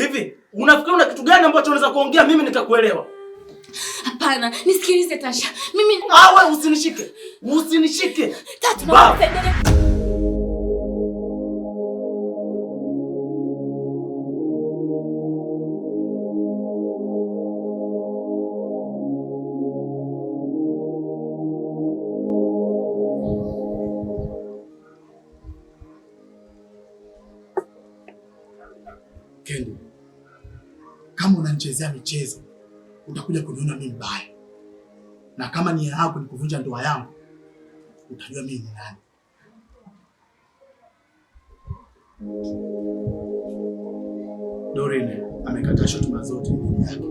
Hivi unafikiri una kitu gani ambacho unaweza kuongea mimi nitakuelewa? Hapana, nisikilize Tasha. Mimi ah, wewe usinishike. Usinishike. Tatu na kuchezea michezo, utakuja kuniona mimi mbaya, na kama nia yako ni kuvunja ndoa yangu, utajua mimi ni nani. Dorine amekataa shutuma zote yake.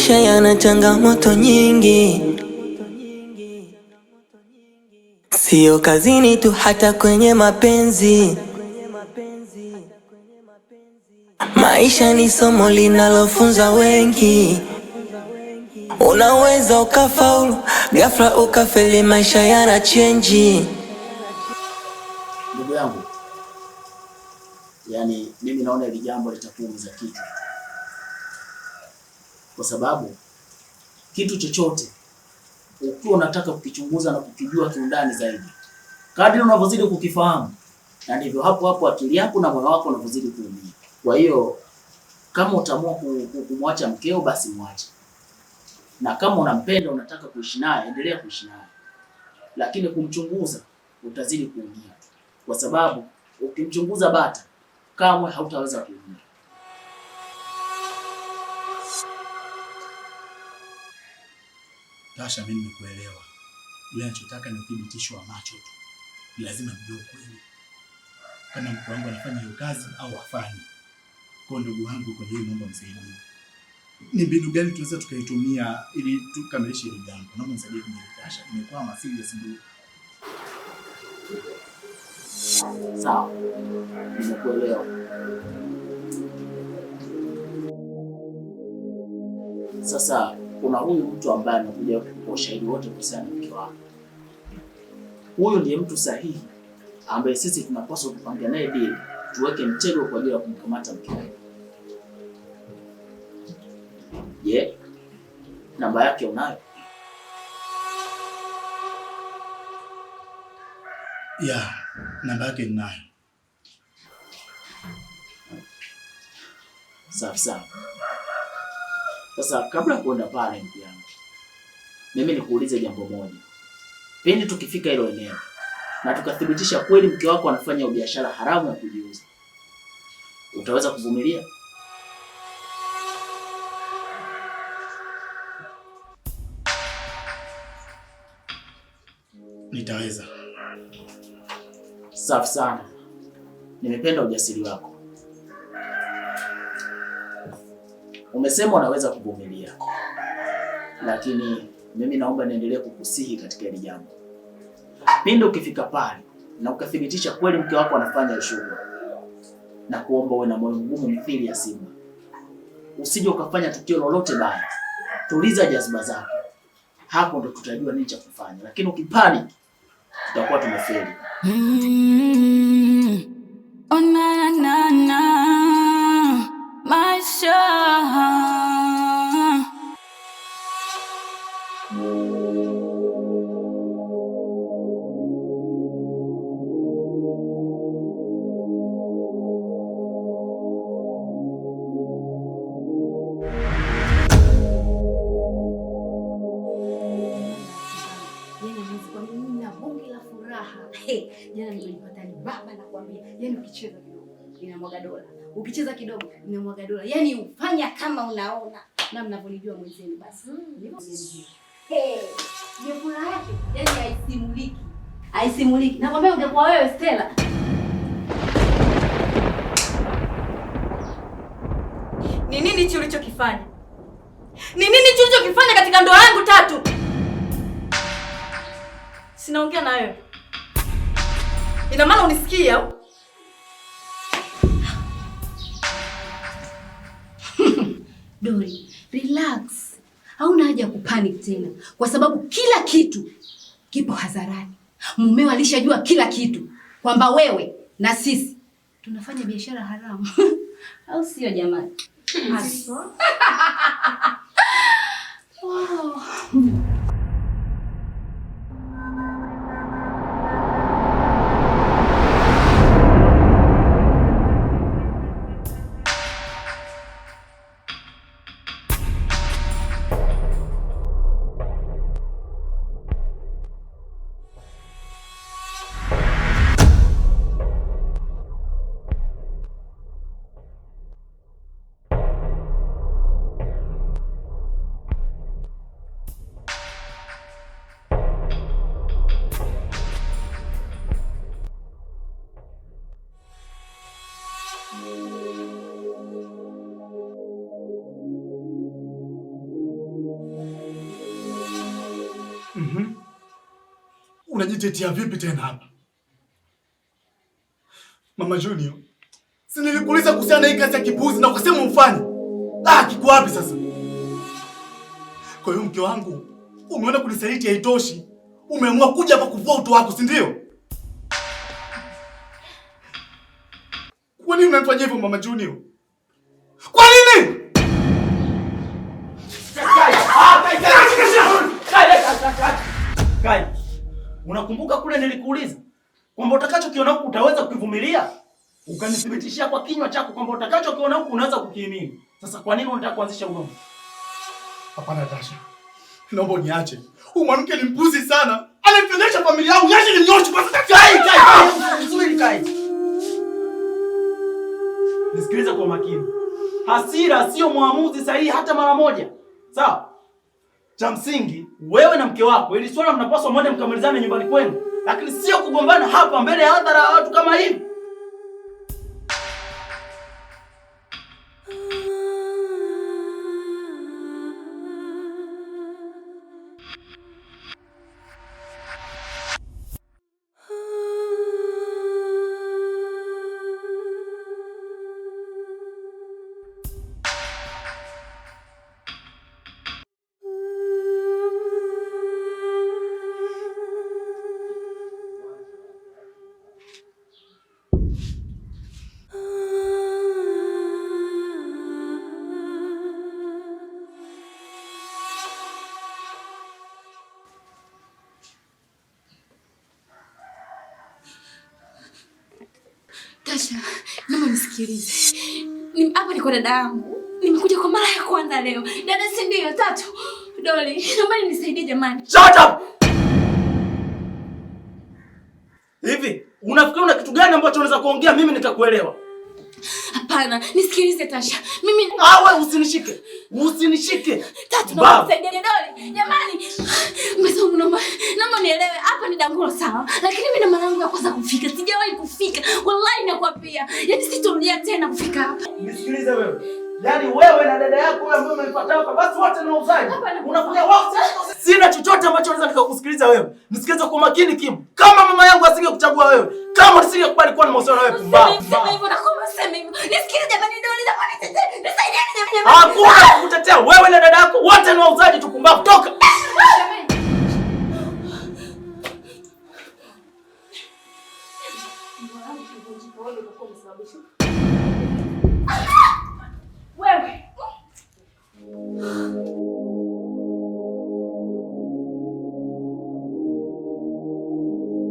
Maisha yana changamoto nyingi, sio kazini tu, hata kwenye mapenzi. Maisha ni somo linalofunza wengi. Unaweza ukafaulu, ghafla ukafeli, maisha yana chenji. Ndugu yangu, yani mimi naona hili jambo litakuumiza kichwa kwa sababu kitu chochote ukiwa unataka kukichunguza na kukijua kiundani zaidi, kadri unavyozidi kukifahamu, na ndivyo hapo hapo akili yako na moyo wako unavyozidi kuumia. Kwa hiyo kama utaamua kumwacha mkeo, basi mwache, na kama unampenda, unataka kuishi naye, endelea kuishi naye, lakini kumchunguza, utazidi kuumia, kwa sababu ukimchunguza bata kamwe hautaweza kuumia. Tasha, mimi nikuelewa, ila nachotaka ni uthibitisho wa macho tu. Ni lazima nijue ukweli kama mkuu wangu anafanya hiyo kazi au hafanyi. Kwa ndugu wangu, kwenye hiyo mambo msaidie, ni mbinu gani tunaweza tukaitumia ili tukamilishe hili jambo? Naomba msaidie kwenye Tasha, imekwama serious ndugu. Sawa, nimekuelewa. Sasa kuna huyu mtu ambaye anakuja kwa ushahidi wote kuhusiana na mke wako. Huyu ndiye mtu sahihi ambaye sisi tunapaswa kupanga naye deal, tuweke mtego kwa ajili ya kumkamata mke wako. Je, yeah. Namba yake unayo? Ya, namba yake ninayo. Safi sana. Sasa kabla ya kuenda pale, ndugu yangu, mimi nikuulize jambo moja. Pindi tukifika hilo eneo na tukathibitisha kweli mke wako anafanya biashara haramu ya kujiuza, utaweza kuvumilia? Nitaweza. Safi sana, nimependa ujasiri wako. Umesema unaweza kuvumilia, lakini mimi naomba niendelee kukusihi katika hili jambo. Pindi ukifika pale na ukathibitisha kweli mke wako anafanya ushuru, na kuomba uwe na moyo mgumu mithili ya simba, usije ukafanya tukio lolote baya. Tuliza jazba zako, hapo ndo tutajua nini cha kufanya, lakini ukipani tutakuwa tumefeli. mm -hmm. mia, yani ukicheza kidogo inamwaga dola, ukicheza kidogo inamwaga dola, yani ufanya kama unaona na mnavyonijua mwenzenu, basi hmm. ni furaha yake, yani haisimuliki, haisimuliki. Nakwambia ungekuwa wewe Stella Ni nini hichi ulichokifanya? Ni nini hichi ulichokifanya katika ndoa yangu tatu? Sinaongea na wewe. Ina maana unisikia au? Dori, relax, hauna haja ya kupanic tena, kwa sababu kila kitu kipo hadharani. Mumeo alishajua kila kitu kwamba wewe na sisi tunafanya biashara haramu au sio jamani? Hmm. Utajitetea vipi tena hapa? Mama Junior, si nilikuuliza kuhusiana na hii kazi ya kipuuzi na ukasema mfanye. Ah, kiko wapi sasa? Kwa hiyo mke wangu, umeona kunisaliti haitoshi. Umeamua kuja hapa kuvua uto wako, si ndio? Kwa nini unanifanyia hivyo Mama Junior? Kwa nini? Kai, kai, kai, kai, kai, kai, kai, kai, kai, kai, kai, kai. Unakumbuka kule nilikuuliza kwamba utakachokiona huku utaweza kukivumilia? Ukanithibitishia kwa kinywa chako kwamba utakachokiona huku unaweza kukiamini. Sasa kwa nini unataka kuanzisha ugomvi? Hapana Tasha. Naomba uniache. Huyu mwanamke ni mpuzi sana. Anaifedhesha familia yangu. Niache yaani nyoshi kwa sababu kai kai. Subiri kai. Nisikilize kwa makini. Hasira sio muamuzi sahihi hata mara moja. Sawa? cha msingi wewe na mke wako, ili swala mnapaswa mwende mkamalizane nyumbani kwenu, lakini sio kugombana hapa mbele ya hadhara ya watu kama hivi. Tasha, naomba nisikilize. Hapa niko dada yangu, nimekuja kwa mara ya kwanza leo. Dada, si ndio? Tatu Doli, naomba nisaidie jamani. Shut up! Hivi unafikiri una kitu gani ambacho unaweza kuongea mimi nikakuelewa? Hapana, nisikilize Tasha. Mimi wewe usinishike Usinishike. Tatu na msaidia dole. Jamani, mwanzo naomba naomba nielewe hapa ni dangulo sawa. Lakini mimi na malango ya kwanza kufika. Sijawahi kufika. Wallahi nakwambia. Yaani sitomlia tena kufika hapa. Nisikilize wewe. Yaani wewe na dada yako wewe ambaye umenipata hapa basi wote ni wauzaji. Unakuja wote. Sina chochote ambacho naweza nikakusikiliza wewe. Nisikilize kwa makini Kim. Kama mama yangu asingekuchagua wewe, kama nisingekubali kuwa na mahusiano na wewe pumbavu. Sema hivyo na kama sema hivyo. Nisikilize jamani ndio uliza kwa nini tete? Nisaidieni jamani. Hakuna kukutetea wewe na dada yako wote ni wauzaji tu pumbavu. Toka wewe.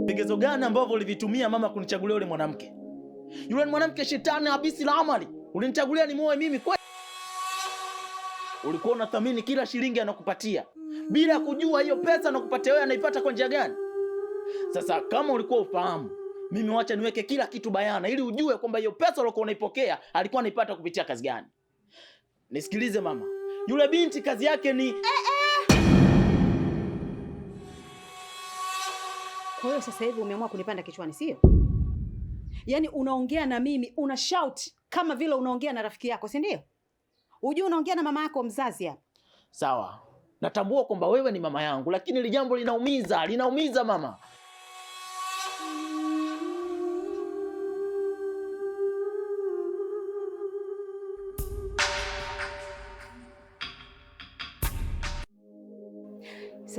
Vigezo gani ambavyo ulivitumia mama kunichagulia yule mwanamke? Yule ni mwanamke shetani habisi la amali. Ulinichagulia ni muoe mimi kwa Ulikuwa unathamini kila shilingi anakupatia bila kujua hiyo pesa anakupatia wewe anaipata kwa njia gani? Sasa kama ulikuwa ufahamu, mimi wacha niweke kila kitu bayana ili ujue kwamba hiyo pesa uliokuwa unaipokea alikuwa anaipata kupitia kazi gani. Nisikilize mama, yule binti kazi yake ni eh, eh. Kwa hiyo sasa hivi umeamua kunipanda kichwani, sio? Yaani unaongea na mimi una shout kama vile unaongea na rafiki yako, si ndio? Unajua unaongea na mama yako mzazi hapa. Sawa, natambua kwamba wewe ni mama yangu, lakini hili jambo linaumiza, linaumiza mama.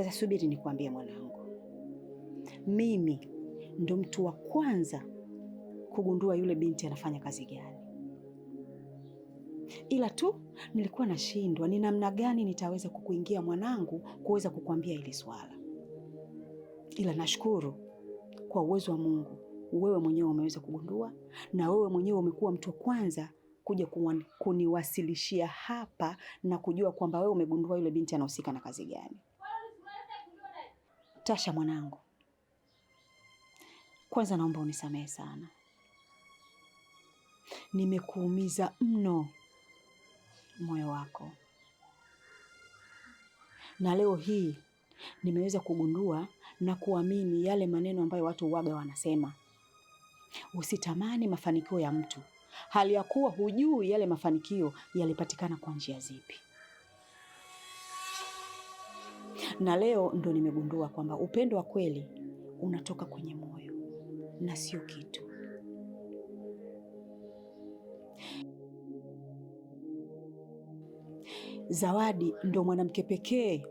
Sasa subiri nikwambie, mwanangu, mimi ndo mtu wa kwanza kugundua yule binti anafanya kazi gani, ila tu nilikuwa nashindwa ni namna gani nitaweza kukuingia mwanangu, kuweza kukuambia hili swala, ila nashukuru kwa uwezo wa Mungu wewe mwenyewe umeweza kugundua, na wewe mwenyewe umekuwa mtu wa kwanza kuja kuniwasilishia hapa na kujua kwamba wewe umegundua yule binti anahusika na kazi gani. Tasha mwanangu, kwanza naomba unisamehe sana, nimekuumiza mno moyo wako, na leo hii nimeweza kugundua na kuamini yale maneno ambayo watu uwaga wanasema, usitamani mafanikio ya mtu hali ya kuwa hujui yale mafanikio yalipatikana kwa njia zipi. na leo ndo nimegundua kwamba upendo wa kweli unatoka kwenye moyo na sio kitu. Zawadi ndo mwanamke pekee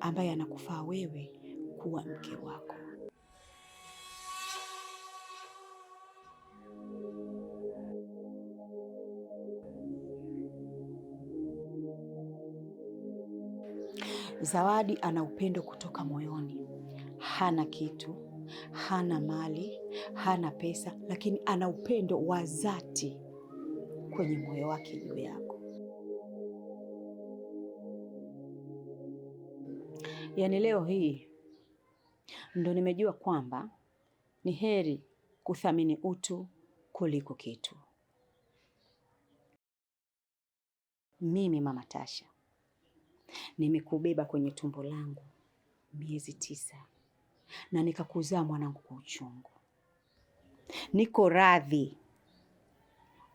ambaye anakufaa wewe kuwa mke wako. Zawadi ana upendo kutoka moyoni. Hana kitu, hana mali, hana pesa, lakini ana upendo wa dhati kwenye moyo wake juu yako. Yaani leo hii ndo nimejua kwamba ni heri kuthamini utu kuliko kitu. Mimi Mama Tasha Nimekubeba kwenye tumbo langu miezi tisa na nikakuzaa mwanangu kwa uchungu. Niko radhi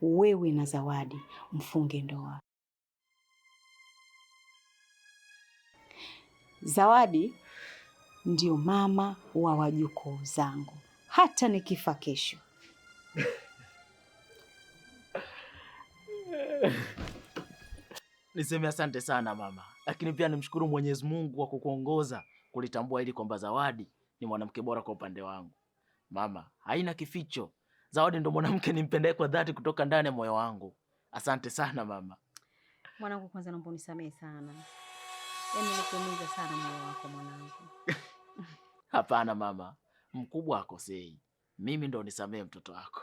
wewe na Zawadi mfunge ndoa. Zawadi ndio mama wa wajukuu zangu, hata nikifa kesho. Niseme asante sana mama lakini pia nimshukuru Mwenyezi Mungu kwa kukuongoza kulitambua hili kwamba Zawadi ni mwanamke bora kwa upande wangu. Mama, haina kificho. Zawadi ndo mwanamke nimpendaye kwa dhati kutoka ndani ya moyo wangu. Asante sana mama. Mwanangu, kwanza naomba unisamehe sana, yaani nikuumiza sana moyo wako mwanangu. Hapana mama, mkubwa akosei, mimi ndo nisamehe mtoto wako.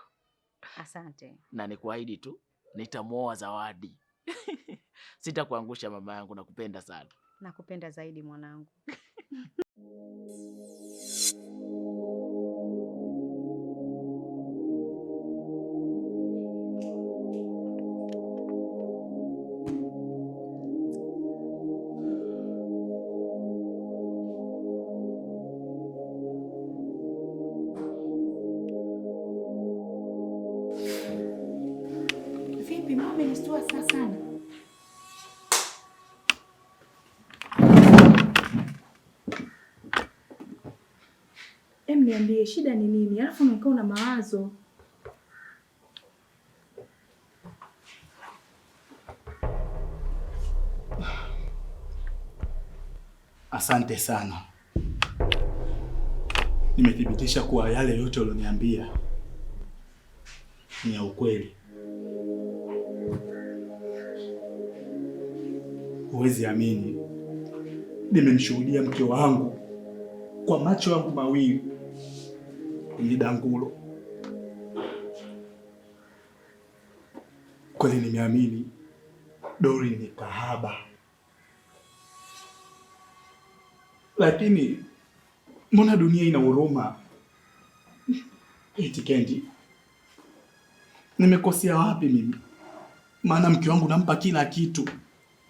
Asante na nikuahidi tu nitamwoa Zawadi. Sitakuangusha mama yangu, nakupenda sana. Nakupenda zaidi mwanangu. Vipi mama, ni sana niambie shida ni nini? Alafu unakaa na mawazo. Asante sana, nimethibitisha kuwa yale yote ulioniambia ni ya ukweli. Huwezi amini, nimemshuhudia mke wangu kwa macho yangu mawili kuida dangulo Kweli nimeamini Dori ni kahaba, lakini mbona dunia ina huruma? Eti Kendi, nimekosea wapi mimi? Maana mke wangu nampa kila kitu,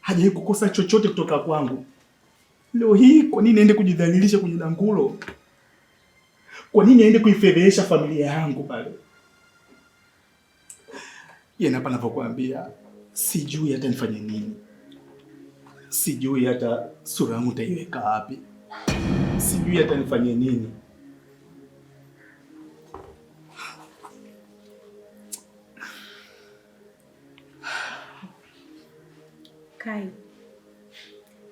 hajawahi kukosa chochote kutoka kwangu. Leo hii kwa nini niende kujidhalilisha kwenye dangulo? Kwa nini aende kuifedhesha familia yangu pale? Yeye hapa anapokuambia sijui hata nifanye nini, sijui hata sura yangu taiweka wapi, sijui hata nifanye nini. Kai,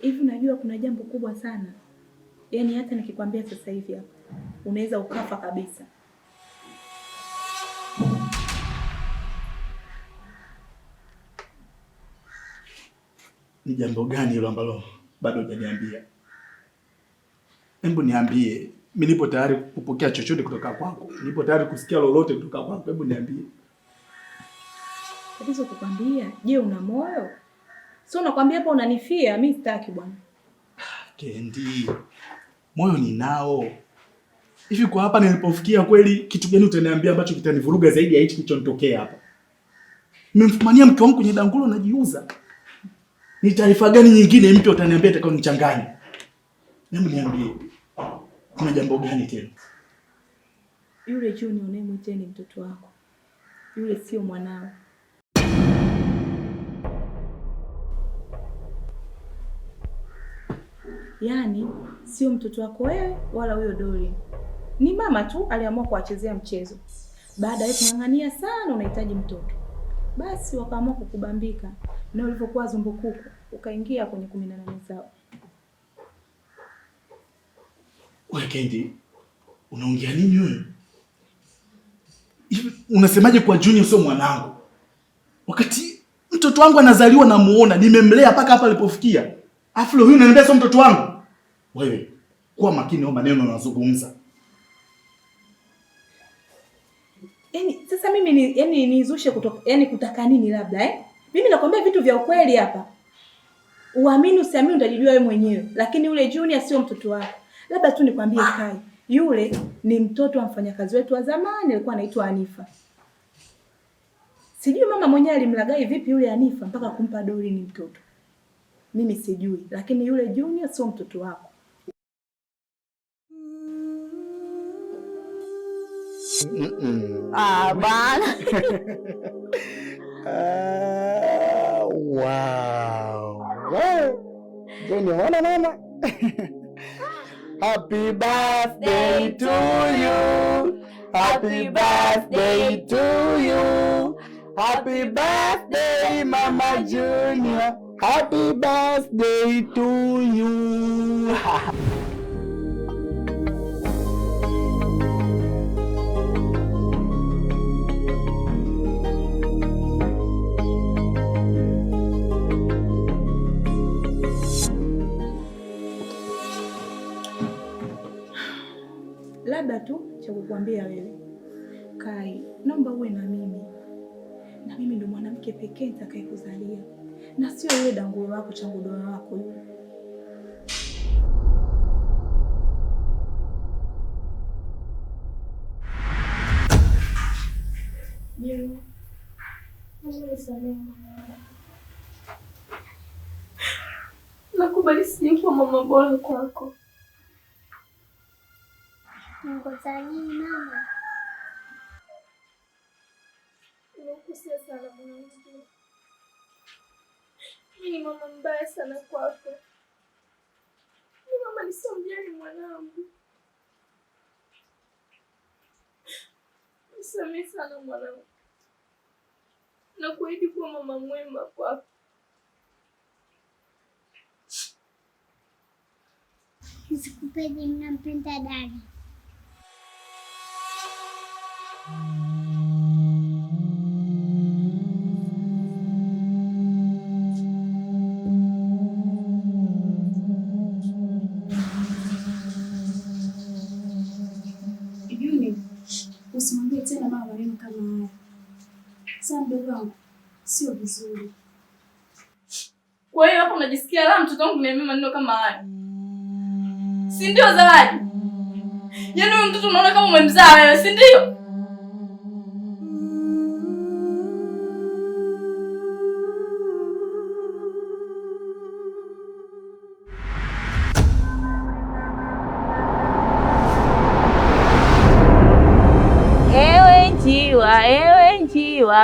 hivi unajua kuna jambo kubwa sana, yaani hata nikikwambia sasa hivi hapa unaweza ukafa kabisa. Ni jambo gani hilo ambalo bado hujaniambia? Hebu niambie, mi nipo tayari kupokea chochote kutoka kwako, nipo tayari kusikia lolote kutoka kwako. Hebu niambie tatizo. Kukwambia? Je, una moyo? Sio unakwambia hapa unanifia. mi sitaki bwana ah, Kendi, moyo ninao, Hivi kwa hapa nilipofikia kweli kitu gani utaniambia ambacho kitanivuruga zaidi ya hichi kilichonitokea hapa? Nimemfumania mke wangu kwenye dangulo najiuza. Ni taarifa gani nyingine mpya utaniambia itakao nichanganya? Hebu niambie. Kuna jambo gani tena? Yule Juni unayemwita ni mtoto wako. Yule sio mwanao. Yaani sio mtoto wako wewe wala huyo Dori. Ni mama tu aliamua kuwachezea mchezo. Baada ya kung'ang'ania sana, unahitaji mtoto, basi wakaamua kukubambika, na ulivyokuwa zumbukuku ukaingia kwenye kumi na nane zao. Wewe Kendi, unaongea nini wewe? Unasemaje kwa Junior sio mwanangu? Wakati mtoto wangu anazaliwa namuona, nimemlea mpaka hapa alipofikia. Afu huyu unaniambia sio mtoto wangu? Wewe kuwa makini na maneno unazungumza. Yaani sasa mimi ni, yani nizushe kutoka yani kutaka nini labda eh? Mimi nakwambia vitu vya ukweli hapa. Uamini usiamini utajijua wewe mwenyewe, lakini yule Junior sio mtoto wako. Labda tu nikwambie Kai, yule ni mtoto wa mfanyakazi wetu wa zamani alikuwa anaitwa Anifa. Sijui mama mwenyewe alimlagai vipi yule Anifa mpaka kumpa doli ni mtoto. Mimi sijui, lakini yule Junior sio mtoto wako. Mm -mm. Ah, bana. Ah, wow. Je, ni mama. Happy birthday to you. Happy birthday to you. Happy birthday Mama Junior. Happy birthday to you. labda tu cha kukuambia wewe Kai, naomba uwe na mimi, na mimi ndo mwanamke pekee nitakayekuzalia na sio yule danguro wako changudoa wako yule. Nakubali, sijakuwa mama bora kwako Ngoja nini mama? Nimekosea sana mwanangu. Mimi ni mama mbaya sana kwako. ni mama nisameheni mwanangu. Nisamehe sana mwanangu. Nakuahidi kuwa mama mwema kwako. Nisikupeje, ninampenda dada. Usimwambie tena mama sio vizuri. Kwa hiyo hapo unajisikia mtoto wangu niambia maneno kama haya. Si ndio Zawadi? Yaani mtoto unaona kama umemzaa wewe, si ndio?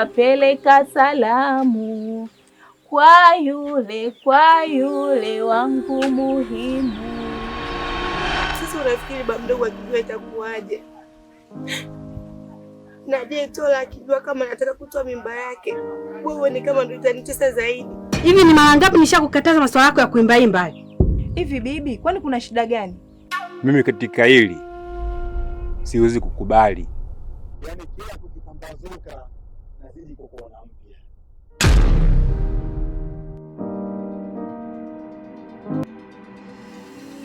Napeleka salamu kwa yule kwa yule wangu muhimu. Sasa unafikiri baba mdogo akijua itakuwaje? Na je, Tola akijua kama nataka kutoa mimba yake, wewe ni kama ndio itanitesa zaidi. Hivi ni mara ngapi nishakukataza maswala yako ya kuimbaimba hivi? Bibi, kwani kuna shida gani? Mimi katika hili siwezi kukubali, yaani kila tukipambazuka inabidi kuona mpya.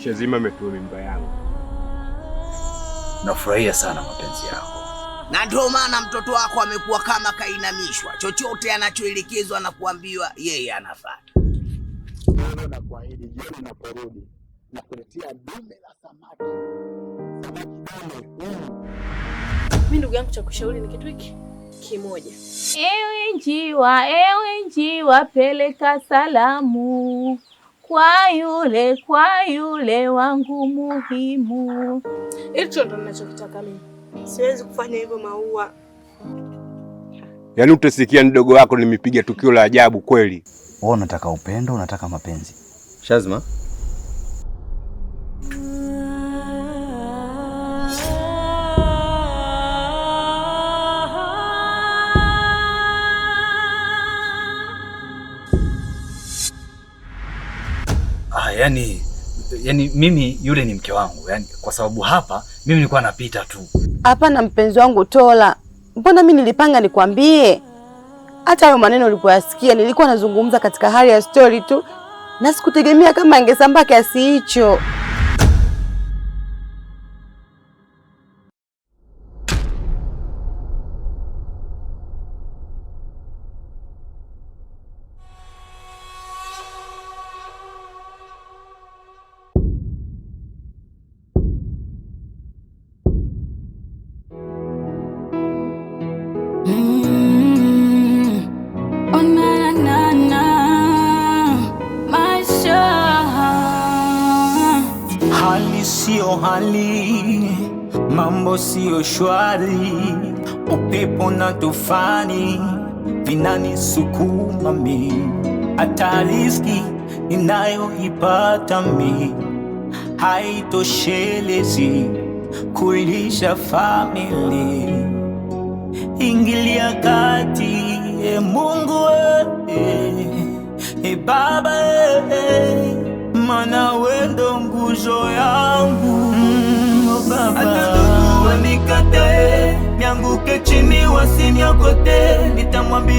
Shazima ametua mimba yangu. Nafurahia sana mapenzi yako, na ndio maana mtoto wako amekuwa kama kainamishwa, chochote anachoelekezwa na kuambiwa yeye anafuata. Nakuahidi jioni na nakuletea dume la samaki, Mimi mm. ndugu yangu, cha kushauri ni kitu hiki kimoja. Ewe njiwa, ewe njiwa, peleka salamu kwa yule, kwa yule wangu muhimu. Hicho ndo ninachokitaka mimi, siwezi kufanya hivyo Maua. Yaani utasikia mdogo wako nimepiga tukio la ajabu kweli. Wewe unataka upendo, unataka mapenzi Shazma? yani, yani mimi yule ni mke wangu yani, kwa sababu hapa mimi nilikuwa napita tu. Hapana mpenzi wangu Tola, mbona mimi nilipanga nikwambie. Hata hayo maneno ulipoyasikia, nilikuwa nazungumza katika hali ya stori tu na sikutegemea kama angesambaa kiasi hicho. siyo hali, mambo siyo shwari, upepo na tufani vinanisukuma mi, hata riziki ninayoipata mi haitoshelezi kulisha famili. Ingilia kati, e Mungu, e Baba, e maana wewe ndo nguzo yangu. Mm, oh, Hata ndugu wanikatae, nianguke chini wasiniokote, nitamwambia